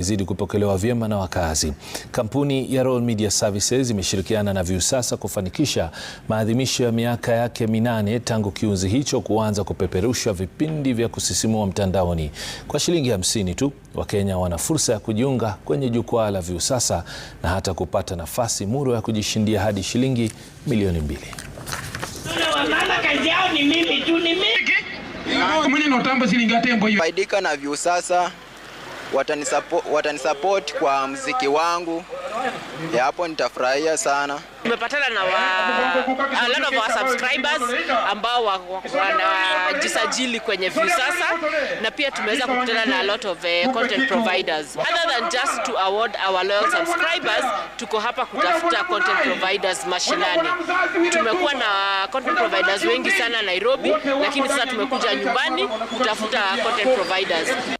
izidi kupokelewa vyema na wakazi. Kampuni ya Royal Media Services imeshirikiana na Viusasa kufanikisha maadhimisho ya miaka yake minane tangu kiunzi hicho kuanza kupeperusha vipindi vya kusisimua mtandaoni. Kwa shilingi hamsini tu, Wakenya wana fursa ya kujiunga kwenye jukwaa la Viusasa na hata kupata nafasi muro ya kujishindia hadi shilingi milioni mbili. Faidika na Viusasa watanisupport watanisupport kwa mziki wangu ya hapo nitafurahia sana. Tumepatana na wa, a lot of our subscribers ambao wanajisajili wa, wa, kwenye Viusasa na pia tumeweza kukutana na a lot of uh, content providers other than just to award our loyal subscribers. Tuko hapa kutafuta content providers mashinani. Tumekuwa na content providers wengi sana Nairobi, lakini sasa tumekuja nyumbani kutafuta content providers.